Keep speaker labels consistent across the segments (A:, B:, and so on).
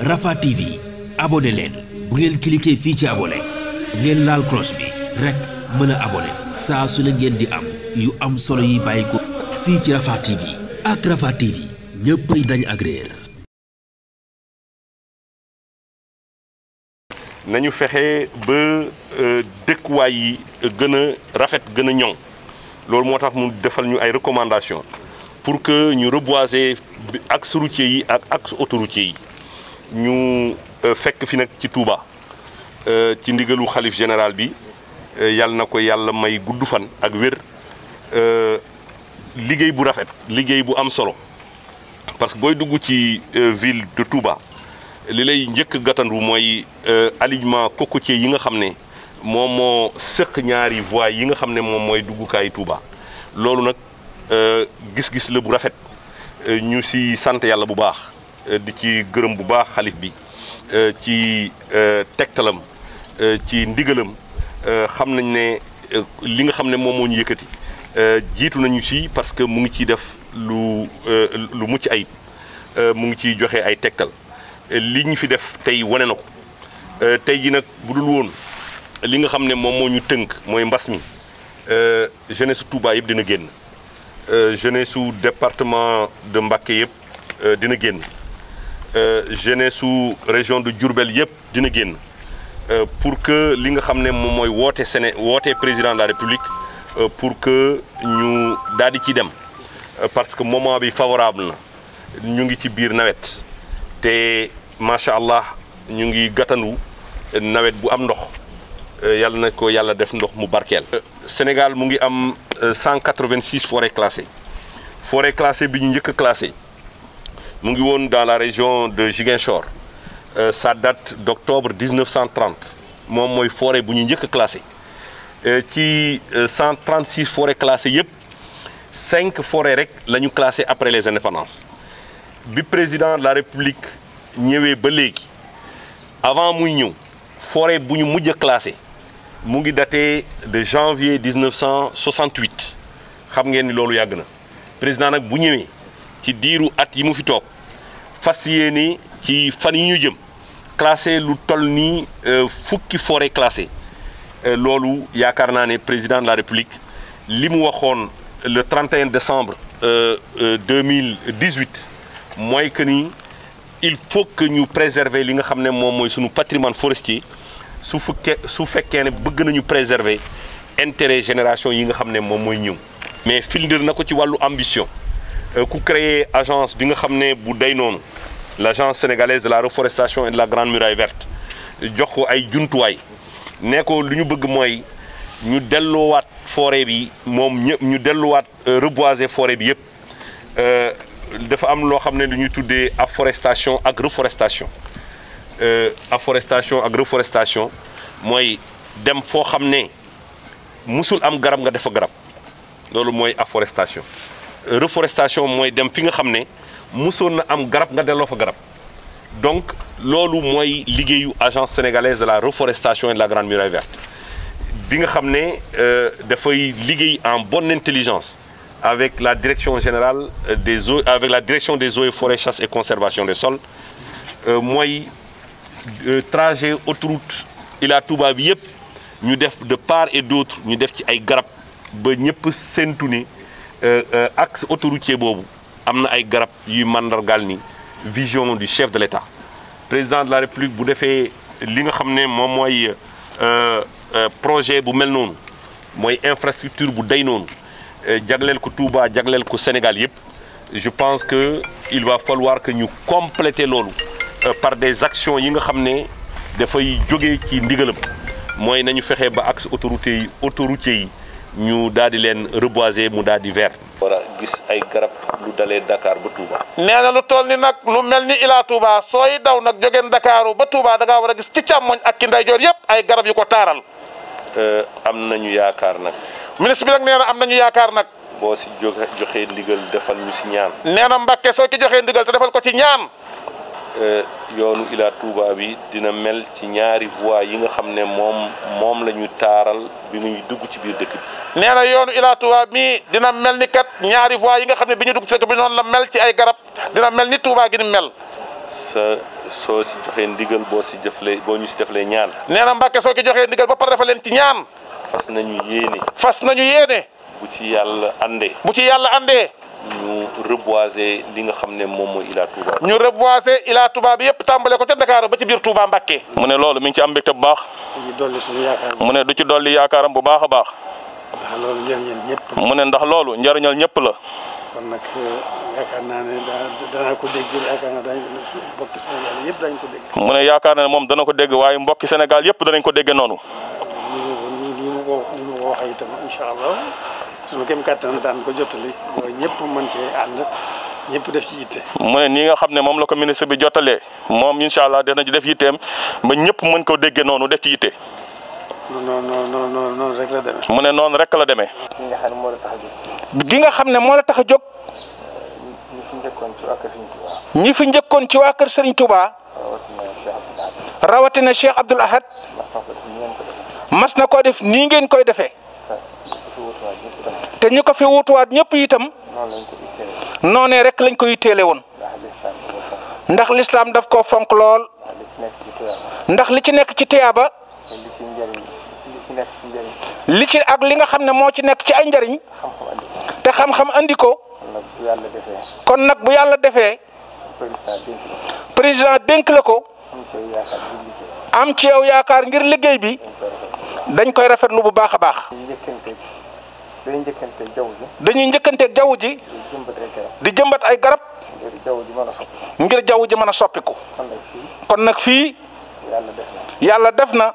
A: Rafah TV abonné leen bu ngeen cliquer fii ci abone ngeen laal cloche bi rek mën a abonné saa su ne ngeen di am yu am solo yiy bàyyi ko fii
B: ci Rafah TV ak Rafah TV ñëppay dañ ak réer nañu fexe ba euh, dëkkuwaay yi gën a rafet gën a ñoŋ loolu moo tax mu defal ñu ay recommandations pour que ñu reboiser axe routier yi ak axe autoroutier yi ñu euh, fekk fi nag ci Touba euh, ci ndigalu xalif général bi euh, yàlla na ko yàlla may gudd fan ak wér liggéey bu rafet liggéey bu am solo parce que booy dugg ci ville de Touba li lay njëkk gàttandu mooy alignement cocotier yi nga xam ne moom moo sëq ñaari voies yi nga xam ne moom mooy duggukaayu Touba loolu nag gis-gis la bu rafet ñu si sant yàlla bu baax. di ci gërëm bu baax xalif bi euh, ci euh, tegtalam euh, ci ndigalam xam nañ ne li nga xam ne moom moo ñu yëkkati jiitu nañu si parce que mu ngi ciy def lu lu mucc ay mu ngi ciy joxe ay tegtal li ñu fi def tey wane na ko tey ji nag bu dul woon li nga xam ne moom moo ñu tënk mooy mbas mi jeunesse su Touba yëpp dina génn jeunesse su département de Mbacké yëpp dina génn Euh, jeunesse su région de jurbel yëpp dina génn euh, pour que li nga xam ne moom mooy woote Séné woote président de la république euh, pour que ñu daal di ci dem parce que moment bi favorable na ñu ngi ci biir nawet te macha allah ñu ngi gàttandu nawet bu am ndox yàlla na ko yàlla def ndox mu barkeel. Sénégal mu ngi am 186 forêt classée forêt classée bi ñu njëkk a classé. mu ngi woon dans la région de Ziguinchor sa euh, date doctobre octobre 1930 moom mooy forêt bu ñu njëkk a classé euh, ci 136 euh, forêt classées yëpp cinq forêt rek la ñu classé après les indépendances bi président de la république ñëwee ba léegi avant muy ñëw forêt bu ñu mujj a classé mu ngi daté de janvier 1968 xam ngeen ni loolu yàgg na président nag bu ñëwee ci diiru at yi mu fi toog fas yéene ci fan yi ñu jëm classé lu toll nii euh, fukki foore classée euh, loolu yaakaar naa ne président de la république li mu waxoon le trente 31 décembre 2018 euh, mooy que ni il faut que ñu préserver li nga xam ne moom mooy suñu patrimoine forestier su fukkee su fekkee ne bëgg nañu préserver intérêt génération yi nga xam ne moom mooy ñëw mais filndir na ko ci wàllu ambition ku créer agence bi nga xam ne bu day noonu la l'agence sénégalaise de la reforestation et de la grande muraille verte jox ko ay jumtuwaay ne ko lu ñu bëgg mooy ñu delluwaat forêt bi moom ñëpp ñu delluwaat euh, reboiser forêt bi yëpp euh, dafa am loo xam ne lu ñuy tuddee afforestation ak reforestation euh, afforestation ak reforestation mooy dem foo xam ne musul am garab nga def garab loolu mooy afforestation reforestation mooy dem fi nga xam ne musoon na am garab nga delloo fa garab donc loolu mooy liggéeyu agence sénégalaise de la reforestation et de la grande muraille verte bi nga xam ne euh, dafay liggéey en bonne intelligence avec la direction générale euh, des eaux avec la direction des eaux et forêts chasse et conservation des sols euh, mooy trajet autoroute Ila la bi yëpp ñu def de part et d'autre ñu def ci ay garab ba ñëpp séentu ne axe autoroutier boobu am na ay garab yuy màndargaal ni vision du chef de l'État président de la République bu defee li nga xam ne moom mooy euh, euh, projet bu mel noonu mooy infrastructure bu day noonu euh, jagleel ko Touba jagleel ko Sénégal yëpp je pense que il va falloir que ñu compléter loolu par des actions yi nga xam ne dafay jógee ci ndigalam mooy nañu fexe ba axe autoroute yi autoroutier yi ñu daal di leen reboiser mu daal di vert gis ay garab lu dalee Dakar ba Touba.
A: nee na lu toll ni nag lu mel ni Ila Touba sooy daw nag jógeen Dakaru ba Touba da ngaa war a gis ci càmmoñ ak ki ndeyjoor yëpp ay garab yu ko taaral.
B: Euh, am nañu yaakaar nag. ministre bi nag nee na am nañu yaakaar nag. boo si joxe joxe ndigal defal ñu si ñaan. nee na Mbàkke soo joxee ndigal te defal ko ci ñaan. Euh, yoonu Ila Touba bi dina mel ci ñaari voies yi nga xam ne moom moom la taaral bi ñuy dugg ci biir dëkk bi.
A: nee na yoonu Ila Touba mi dina mel ni kat ñaari voies yi nga xam ne bi ñu dugg ci dëkk bi noonu la mel ci ay garab dina mel ni Touba gi ni mel.
B: sa soo si joxee ndigal boo si jëflee boo ñu si deflee ñaan. nee na Mbàkke soo ki joxee ndigal ba pare dafa leen ci ñaan. fas nañu yéene.
A: fas nañu yéene.
B: bu ci yàlla andee. bu ci yàlla andee. ñu reboiser li nga xam ne moom mooy Ila Touba.
A: ñu reboiser Ila Touba bi yëpp tàmbale ko ca Dakar ba ci biir Touba Mbacké.
B: mu ne loolu mi ngi ci am mbégte bu baax. mu ne du ci dolli yaakaaram bu baax a baax. ndax loolu njëriñal ñëpp. mu ndax loolu njëriñal ñëpp la.
A: kon nag eh, ko dégg yaakaar naa yëpp daañu
B: ko mu ne yaakaar naa ne moom dana ko dégg waaye mbokki Sénégal yëpp danañ ko dégg noonu.
A: suñu kéem kattan daan ko jottali mooy ñëpp mën cee ñëpp def ci yitte.
B: mu ne nii nga xam ne moom la ko ministre bi jottalee moom incha allah dana ci def yitteem ba ñëpp mën ko déggee noonu def ci mu ne noonu rek la demee.
A: gi nga xam ne moo la tax a jóg. gi njëkkoon ci waa kër Serigne Touba. ñi rawatina Cheikh Abdoul Ahad. mas na koo def nii ngeen koy defee. te ñu ko fi wutuwaat ñëpp itam noonee rek lañ koy yitteele woon ndax lislaam daf ko fonk lool ndax li ci nekk ci tiyaaba li ci ak li nga xam ne moo ci nekk ci ay njariñ te xam-xam andi ko kon nag bu yàlla defee président dénk ko am ci yow yaakaar ngir liggéey bi dañ koy rafetlu bu baax a baax. dañuy njëkkanteeg jaww ji. dañuy njëkkanteeg jaww ji. di jëmbat ay garab. ngir jaww ji mën a soppiku. ngir jaww ji mën a soppiku. kon nag fii. yàlla def na. yàlla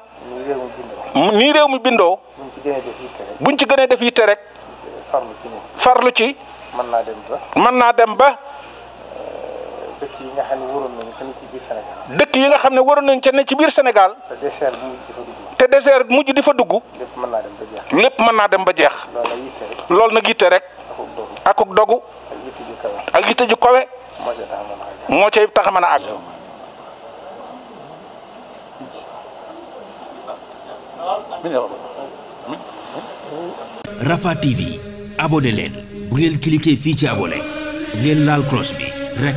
A: def réew mi bindoo. buñ ci gënee def yitte rek. buñ ci gënee ci. mën naa dem ba. mën naa dem ba. yi nga xam ne waroon ci biir Sénégal. dëkk yi nga xam ne waroon nañu te ne ci biir Sénégal. te désert mujj di fa dugg. te désert mujj naa dem ba jeex. lépp mën naa dem ba jeex. loolu nag yitte rek. akuk dogu. ak yitte ju kawe. moo cay tax a mën a àgg. TV abonné leen bu ngeen cliquer fii ci abonné ngeen laal cloche bi rek